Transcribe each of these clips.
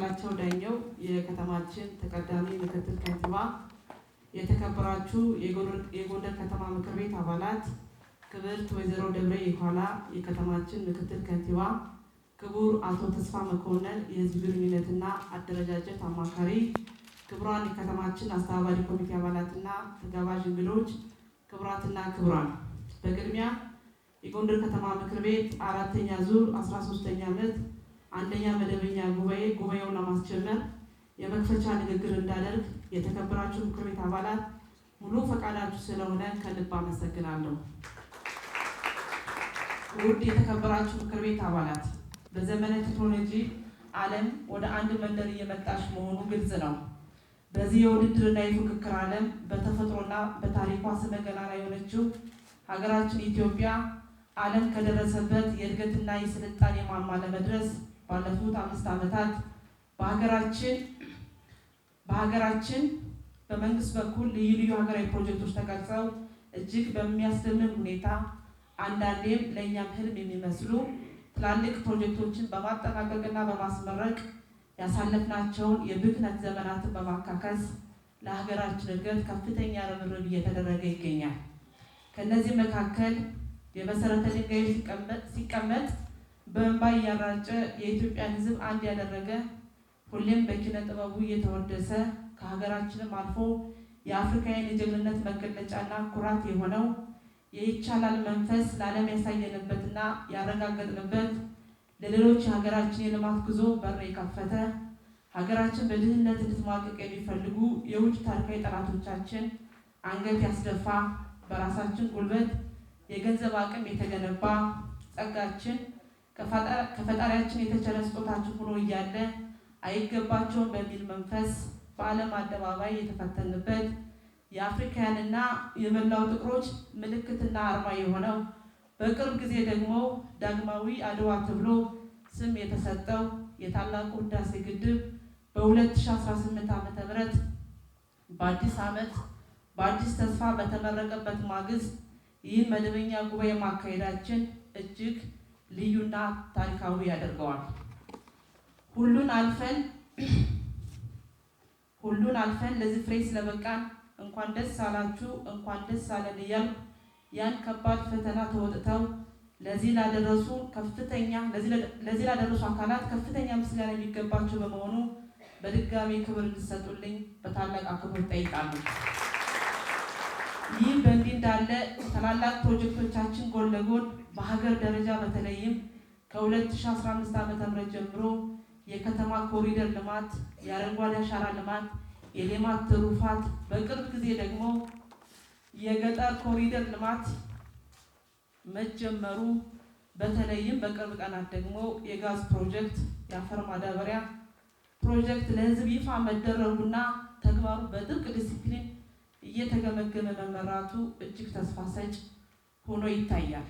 ዳኛቸው ዳኘው የከተማችን ተቀዳሚ ምክትል ከንቲባ፣ የተከበራችሁ የጎንደር ከተማ ምክር ቤት አባላት፣ ክብርት ወይዘሮ ደብረ የኋላ የከተማችን ምክትል ከንቲባ፣ ክቡር አቶ ተስፋ መኮንን የህዝብ ግንኙነትና አደረጃጀት አማካሪ፣ ክቡራን የከተማችን አስተባባሪ ኮሚቴ አባላትና ተጋባዥ እንግዶች፣ ክቡራትና ክቡራን በቅድሚያ የጎንደር ከተማ ምክር ቤት አራተኛ ዙር 13 ሶስተኛ ዓመት አንደኛ መደበኛ ጉባኤ ጉባኤውን ለማስጀመር የመክፈቻ ንግግር እንዳደርግ የተከበራችሁ ምክር ቤት አባላት ሙሉ ፈቃዳችሁ ስለሆነ ከልብ አመሰግናለሁ። ውድ የተከበራችሁ ምክር ቤት አባላት በዘመነ ቴክኖሎጂ ዓለም ወደ አንድ መንደር እየመጣች መሆኑ ግልጽ ነው። በዚህ የውድድርና የፉክክር ዓለም በተፈጥሮና በታሪኳ ላይ የሆነችው ሀገራችን ኢትዮጵያ ዓለም ከደረሰበት የእድገትና የስልጣኔ ማማ ለመድረስ ባለፉት አምስት ዓመታት በሀገራችን በሀገራችን በመንግስት በኩል ልዩ ልዩ ሀገራዊ ፕሮጀክቶች ተቀርጸው እጅግ በሚያስደምም ሁኔታ አንዳንዴም ለእኛም ህልም የሚመስሉ ትላልቅ ፕሮጀክቶችን በማጠናቀቅና በማስመረቅ ያሳለፍናቸውን የብክነት ዘመናትን በማካከስ ለሀገራችን እድገት ከፍተኛ ርብርብ እየተደረገ ይገኛል። ከእነዚህ መካከል የመሰረተ ድንጋዮች ሲቀመጥ በእንባ እያራጨ የኢትዮጵያን ሕዝብ አንድ ያደረገ ሁሌም በኪነ ጥበቡ እየተወደሰ ከሀገራችንም አልፎ የአፍሪካውያን የጀግንነት መገለጫና ኩራት የሆነው የይቻላል መንፈስ ለዓለም ያሳየንበትና ያረጋገጥንበት ለሌሎች የሀገራችን የልማት ጉዞ በር የከፈተ ሀገራችን በድህነት እንድትማቀቅ የሚፈልጉ የውጭ ታሪካዊ ጠላቶቻችን አንገት ያስደፋ በራሳችን ጉልበት የገንዘብ አቅም የተገነባ ጸጋችን ከፈጣሪያችን የተቸረ ስጦታችሁ ሆኖ እያለ አይገባቸውም በሚል መንፈስ በዓለም አደባባይ የተፈተንበት የአፍሪካውያንና የመላው ጥቁሮች ምልክትና አርማ የሆነው በቅርብ ጊዜ ደግሞ ዳግማዊ አድዋ ተብሎ ስም የተሰጠው የታላቁ ህዳሴ ግድብ በ2018 ም በአዲስ ዓመት በአዲስ ተስፋ በተመረቀበት ማግስት ይህ መደበኛ ጉባኤ ማካሄዳችን እጅግ ልዩና ታሪካዊ ያደርገዋል። ሁሉን አልፈን ሁሉን አልፈን ለዚህ ፍሬ ስለበቃን እንኳን ደስ አላችሁ፣ እንኳን ደስ አለን እያሉ ያን ከባድ ፈተና ተወጥተው ለዚህ ላደረሱ ከፍተኛ ለዚህ ላደረሱ አካላት ከፍተኛ ምስጋና የሚገባቸው በመሆኑ በድጋሚ ክብር እንድሰጡልኝ በታላቅ አክብሮት ጠይቃለሁ። ይህ በእንዲህ እንዳለ ታላላቅ ፕሮጀክቶቻችን ጎን ለጎን በሀገር ደረጃ በተለይም ከ2015 ዓ ም ጀምሮ የከተማ ኮሪደር ልማት፣ የአረንጓዴ አሻራ ልማት፣ የሌማት ትሩፋት፣ በቅርብ ጊዜ ደግሞ የገጠር ኮሪደር ልማት መጀመሩ፣ በተለይም በቅርብ ቀናት ደግሞ የጋዝ ፕሮጀክት የአፈር ማዳበሪያ ፕሮጀክት ለህዝብ ይፋ መደረጉና ተግባሩ በጥብቅ ዲሲፕሊን እየተገመገመ መመራቱ እጅግ ተስፋ ሰጭ ሆኖ ይታያል።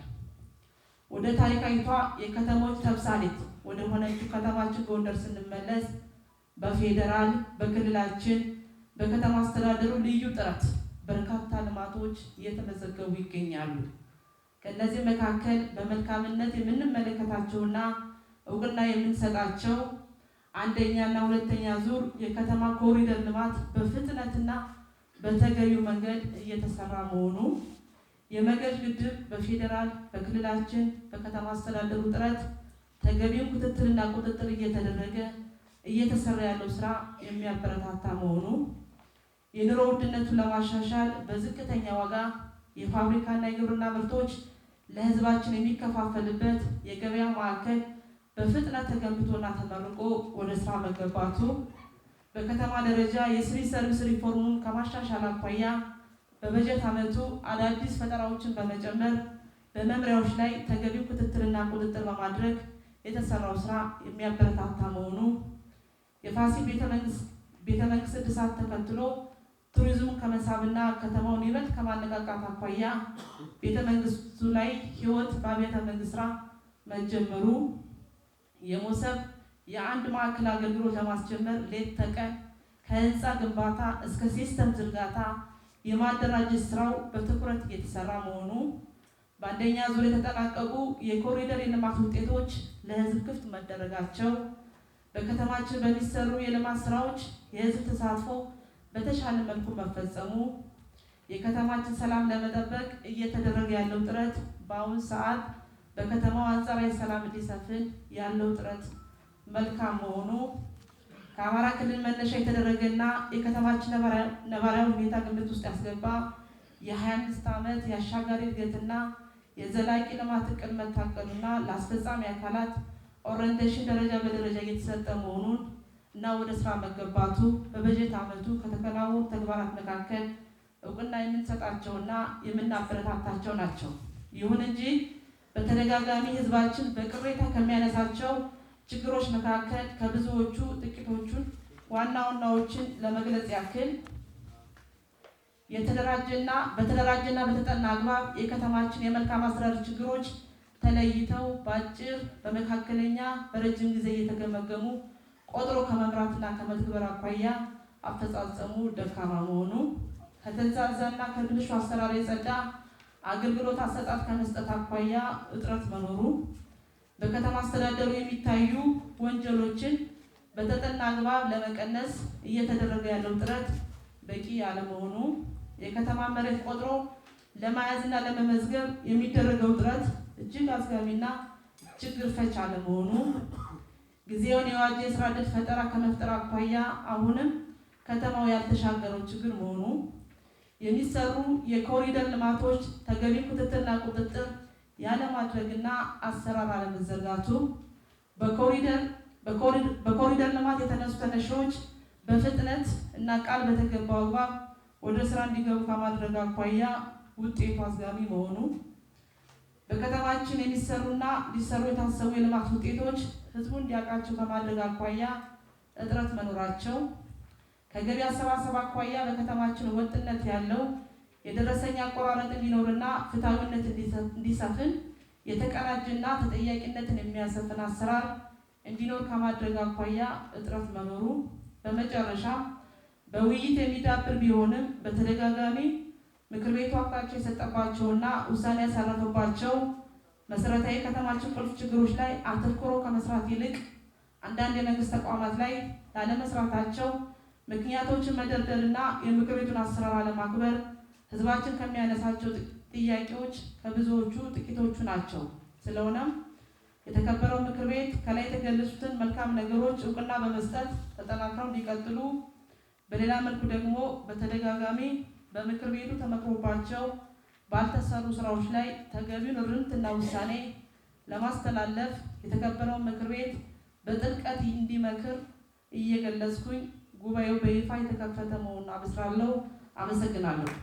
ወደ ታሪካዊቷ የከተሞች ተምሳሌት ወደ ሆነችው ከተማችን ጎንደር ስንመለስ በፌዴራል በክልላችን በከተማ አስተዳደሩ ልዩ ጥረት በርካታ ልማቶች እየተመዘገቡ ይገኛሉ። ከእነዚህ መካከል በመልካምነት የምንመለከታቸውና እውቅና የምንሰጣቸው አንደኛና ሁለተኛ ዙር የከተማ ኮሪደር ልማት በፍጥነትና በተገቢው መንገድ እየተሰራ መሆኑ የመገድ ግድብ በፌዴራል በክልላችን በከተማ አስተዳደሩ ጥረት ተገቢው ክትትልና ቁጥጥር እየተደረገ እየተሰራ ያለው ስራ የሚያበረታታ መሆኑ የኑሮ ውድነቱን ለማሻሻል በዝቅተኛ ዋጋ የፋብሪካና የግብርና ምርቶች ለህዝባችን የሚከፋፈልበት የገበያ ማዕከል በፍጥነት ተገንብቶና ተመርቆ ወደ ስራ መገባቱ በከተማ ደረጃ የሲቪል ሰርቪስ ሪፎርሙን ከማሻሻል አኳያ በበጀት ዓመቱ አዳዲስ ፈጠራዎችን በመጨመር በመምሪያዎች ላይ ተገቢው ክትትልና ቁጥጥር በማድረግ የተሰራው ስራ የሚያበረታታ መሆኑ የፋሲል ቤተመንግስት እድሳት ተከትሎ ቱሪዝሙን ከመሳብና ከተማውን ይበልጥ ከማነቃቃት አኳያ ቤተመንግስቱ ላይ ህይወት በቤተመንግስት ስራ መጀመሩ የሞሰብ የአንድ ማዕከል አገልግሎት ለማስጀመር ሌት ተቀን ከህንፃ ግንባታ እስከ ሲስተም ዝርጋታ የማደራጀት ስራው በትኩረት እየተሰራ መሆኑ፣ በአንደኛ ዙር የተጠናቀቁ የኮሪደር የልማት ውጤቶች ለህዝብ ክፍት መደረጋቸው፣ በከተማችን በሚሰሩ የልማት ስራዎች የህዝብ ተሳትፎ በተሻለ መልኩ መፈጸሙ፣ የከተማችን ሰላም ለመጠበቅ እየተደረገ ያለው ጥረት በአሁኑ ሰዓት በከተማው አንጻራዊ ሰላም እንዲሰፍን ያለው ጥረት መልካም መሆኑ ከአማራ ክልል መነሻ የተደረገና የከተማችን ነባራዊ ሁኔታ ግምት ውስጥ ያስገባ የ25 ዓመት የአሻጋሪ እድገትና የዘላቂ ልማት እቅድ መታቀዱና ለአስፈጻሚ አካላት ኦሪንቴሽን ደረጃ በደረጃ እየተሰጠ መሆኑን እና ወደ ስራ መገባቱ በበጀት ዓመቱ ከተከናወኑ ተግባራት መካከል እውቅና የምንሰጣቸውና የምናበረታታቸው ናቸው። ይሁን እንጂ በተደጋጋሚ ህዝባችን በቅሬታ ከሚያነሳቸው ችግሮች መካከል ከብዙዎቹ ጥቂቶቹን ዋና ዋናዎችን ለመግለጽ ያክል የተደራጀና በተደራጀና በተጠና አግባብ የከተማችን የመልካም አስተዳደር ችግሮች ተለይተው በአጭር በመካከለኛ፣ በረጅም ጊዜ እየተገመገሙ ቆጥሮ ከመምራትና ከመትግበር አኳያ አፈጻጸሙ ደካማ መሆኑ ከተንዛዛና ከብልሹ አሰራር የጸዳ አገልግሎት አሰጣጥ ከመስጠት አኳያ እጥረት መኖሩ በከተማ አስተዳደሩ የሚታዩ ወንጀሎችን በተጠና አግባብ ለመቀነስ እየተደረገ ያለው ጥረት በቂ ያለመሆኑ፣ የከተማ መሬት ቆጥሮ ለመያዝና ለመመዝገብ የሚደረገው ጥረት እጅግ አዝጋሚና ችግር ፈች አለመሆኑ፣ ጊዜውን የዋጀ የስራ ዕድል ፈጠራ ከመፍጠር አኳያ አሁንም ከተማው ያልተሻገረው ችግር መሆኑ፣ የሚሰሩ የኮሪደር ልማቶች ተገቢ ክትትልና ቁጥጥር ያለማድረግና አሰራር አለመዘርጋቱ በኮሪደር ልማት የተነሱ ተነሺዎች በፍጥነት እና ቃል በተገባው አግባብ ወደ ስራ እንዲገቡ ከማድረግ አኳያ ውጤቱ አዝጋሚ መሆኑ በከተማችን የሚሰሩና ሊሰሩ የታሰቡ የልማት ውጤቶች ህዝቡ እንዲያውቃቸው ከማድረግ አኳያ እጥረት መኖራቸው ከገቢ አሰባሰብ አኳያ በከተማችን ወጥነት ያለው የደረሰኝ አቆራረጥ እንዲኖርና ፍትሐዊነት እንዲሰፍን የተቀናጀና ተጠያቂነትን የሚያሰፍን አሰራር እንዲኖር ከማድረግ አኳያ እጥረት መኖሩ፣ በመጨረሻ በውይይት የሚዳብር ቢሆንም በተደጋጋሚ ምክር ቤቱ አቅጣጫ የሰጠባቸውና ውሳኔ ያሳረፈባቸው መሰረታዊ የከተማችን ቁልፍ ችግሮች ላይ አተኩሮ ከመስራት ይልቅ አንዳንድ የመንግስት ተቋማት ላይ ላለመስራታቸው ምክንያቶችን መደርደርና የምክር ቤቱን አሰራር አለማክበር ህዝባችን ከሚያነሳቸው ጥያቄዎች ከብዙዎቹ ጥቂቶቹ ናቸው። ስለሆነም የተከበረው ምክር ቤት ከላይ የተገለጹትን መልካም ነገሮች እውቅና በመስጠት ተጠናክረው እንዲቀጥሉ፣ በሌላ መልኩ ደግሞ በተደጋጋሚ በምክር ቤቱ ተመክሮባቸው ባልተሰሩ ስራዎች ላይ ተገቢውን እርምትና ውሳኔ ለማስተላለፍ የተከበረውን ምክር ቤት በጥልቀት እንዲመክር እየገለጽኩኝ ጉባኤው በይፋ የተከፈተ መሆኑን አብስራለሁ። አመሰግናለሁ።